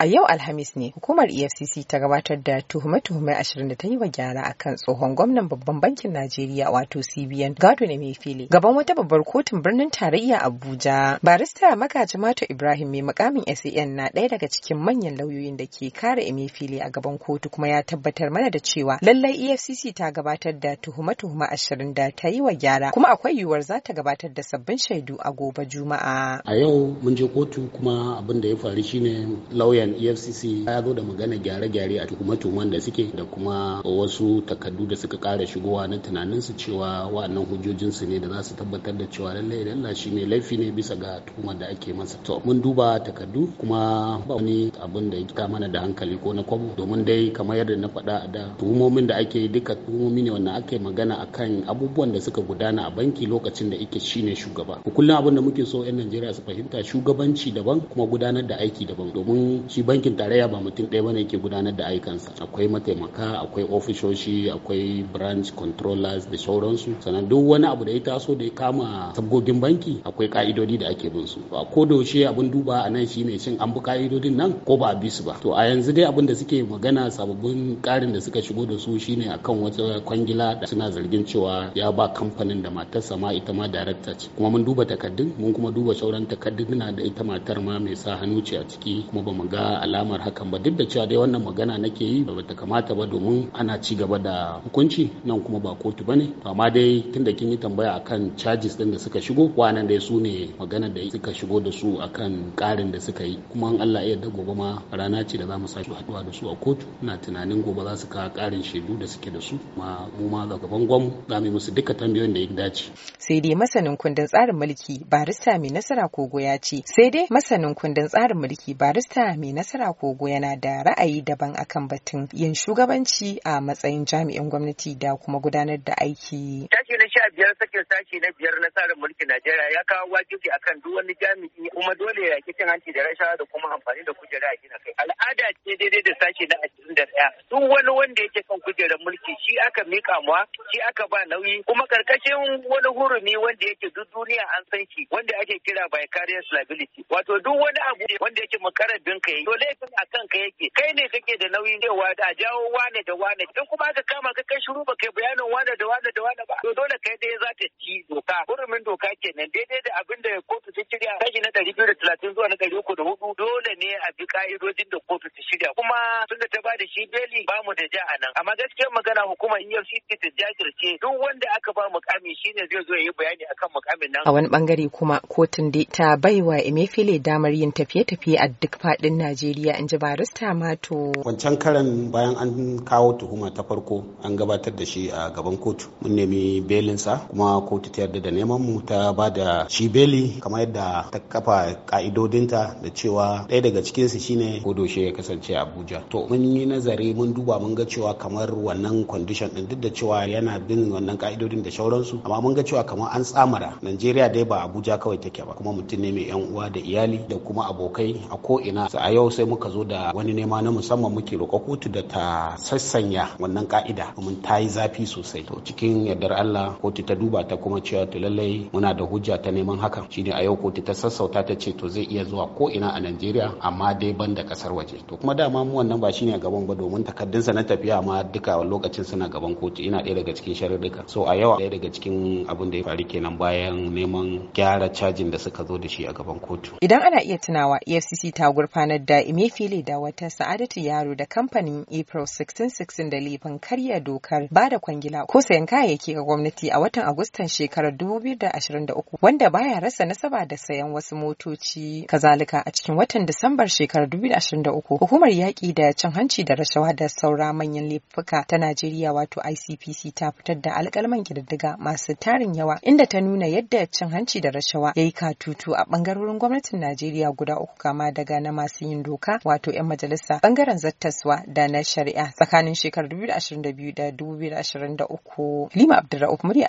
A yau Alhamis ne hukumar EFCC ta gabatar da tuhume-tuhume ashirin da ta yi wa gyara a kan tsohon gwamnan babban bankin Najeriya wato CBN gado ne mai fili, gaban wata babbar kotun birnin tarayya Abuja. Barista Mato Ibrahim mai mukamin SAN na ɗaya daga cikin manyan lauyoyin da ke kare fili a gaban kotu kuma ya tabbatar mana da cewa lallai EFCC ta gabatar da tuhume-tuhume ashirin da ta yi wa gyara kuma akwai yiwuwar za ta gabatar da sabbin shaidu a gobe Juma'a. A yau mun je kotu kuma abin da ya faru shine lauyan bangaren efcc ya zo da magana gyare-gyare a tuhume-tuhumen da suke da kuma wasu takardu da suka kara shigowa na tunanin su cewa wa'annan hujjojin su ne da za su tabbatar da cewa lallai lalla shi ne laifi ne bisa ga tuhumar da ake masa to mun duba takardu kuma ba wani abin da ya mana da hankali ko na kwabo domin dai kamar yadda na faɗa a da tuhumomin da ake duka tuhumomi ne wanda ake magana akan abubuwan da suka gudana a banki lokacin da ike shine shugaba kullum abin da muke so 'yan najeriya su fahimta shugabanci daban kuma gudanar da aiki daban domin shi bankin tarayya ba mutum ɗaya bane ke gudanar da ayyukansa akwai mataimaka akwai ofishoshi akwai branch controllers da sauransu sannan duk wani abu da ya taso da ya kama sabgogin banki akwai ka'idodi da ake bin su ba ko da yaushe abin duba a nan shine shin an bi ka'idodin nan ko ba a bi su ba to a yanzu dai abin da suke magana sababbin ƙarin da suka shigo da su shine akan wata kwangila da suna zargin cewa ya ba kamfanin da matarsa ma ita ma director ce kuma mun duba takardun mun kuma duba sauran takardun da ita matar ma mai sa hannu ce a ciki kuma ba mu ga alamar hakan ba duk da cewa dai wannan magana nake yi ba ta kamata ba domin ana ci gaba da hukunci nan kuma ba kotu bane to amma dai tunda kin yi tambaya akan charges din da suka shigo wannan dai su ne magana da suka shigo da su akan karin da suka yi kuma an Allah ya yarda gobe ma rana ce da za mu sake haduwa da su a kotu ina tunanin gobe za su kawo karin shaidu da suke da su ma mu ma gaban gwam za mu musu duka tambayoyin da ya dace sai dai masanin kundin tsarin mulki barista mai nasara kogo ya ce sai dai masanin kundin tsarin mulki barista mai nasara kogo yana da ra'ayi daban akan batun yin shugabanci a matsayin jami'in gwamnati da kuma gudanar da aiki. biyar sakin sashi na biyar na tsarin mulkin Najeriya ya kawo wajibi akan duk wani jami'i kuma dole ya yaki cin hanci da rashawa da kuma amfani da kujera a gina kai. Al'ada ce daidai da sashi na ashirin da ɗaya. Duk wani wanda yake kan kujerar mulki shi aka miƙa mu shi aka ba nauyi kuma karkashin wani hurumi wanda yake duk duniya an san shi wanda ake kira vicarious liability. Wato duk wani abu wanda yake makarabin ka to laifin a kan ka yake kai ne kake da nauyi? cewa a jawo wane da wane Idan kuma aka kama ka kai shiru ba kai bayanin wane da wane da wane ba to dole kai ce za ta ci doka hurumin doka kenan daidai da abin da kotu ta shirya kashi na ɗari biyu da talatin zuwa na ɗari uku da hudu dole ne a bi ka'idojin da kotu ta shirya kuma tunda ta ba da shi beli ba mu da ja a nan amma gaskiyar magana hukumar EFCC ta jajirce duk wanda aka ba mukami shine zai zo ya yi bayani akan mukamin nan a wani bangare kuma kotun dai ta wa Emefiele damar yin tafiye-tafiye a duk faɗin Najeriya in ji barista Mato wancan karan bayan an kawo tuhuma ta farko an gabatar da shi a gaban kotu mun nemi belinsa kuma kotu ta yarda da neman mu ta ba da shi beli kamar yadda ta kafa ka'idodinta da cewa ɗaya daga cikinsu shine kodoshe ya kasance abuja to mun yi nazari mun duba mun ga cewa kamar wannan condition din duk da cewa yana bin wannan ka'idodin da sauransu amma mun ga cewa kamar an tsamara najeriya dai ba abuja kawai take ba kuma mutum ne mai yan uwa da iyali da kuma abokai a ko ina a yau sai muka zo da wani nema na musamman muke roƙo kotu da ta sassanya wannan ka'ida mun ta yi zafi sosai to cikin yardar allah kotu ta duba ta kuma cewa to lallai muna da hujja ta neman hakan shine a yau kotu ta sassauta ta ce to zai iya zuwa ko ina a Najeriya amma dai ban da kasar waje to kuma dama mu wannan ba shine gaban ba domin takaddun sa na tafiya ma duka lokacin suna gaban kotu ina ɗaya daga cikin sharuɗɗuka so a yau ɗaya daga cikin abin da ya faru kenan bayan neman gyara cajin da suka zo da shi a gaban kotu idan ana iya tunawa EFCC ta gurfanar da Emefiele da wata Sa'adatu Yaro da kamfanin April 1616 da lifin karya dokar ba da kwangila ko sayan kayayyaki ga gwamnati a wata watan Agustan shekarar 2023 wanda baya rasa nasaba da sayan wasu motoci. Kazalika a cikin watan Disambar shekarar 2023 hukumar yaƙi da cin hanci da rashawa da saura manyan laifuka ta Najeriya wato ICPC ta fitar da alƙalman ƙididdiga masu tarin yawa inda ta nuna yadda cin hanci da rashawa ya yi katutu a bangarorin gwamnatin Najeriya guda uku kama daga na masu yin doka wato 'yan majalisa bangaren zattaswa da na shari'a tsakanin shekarar 2022 da 2023. Halima Abdulra'uf murya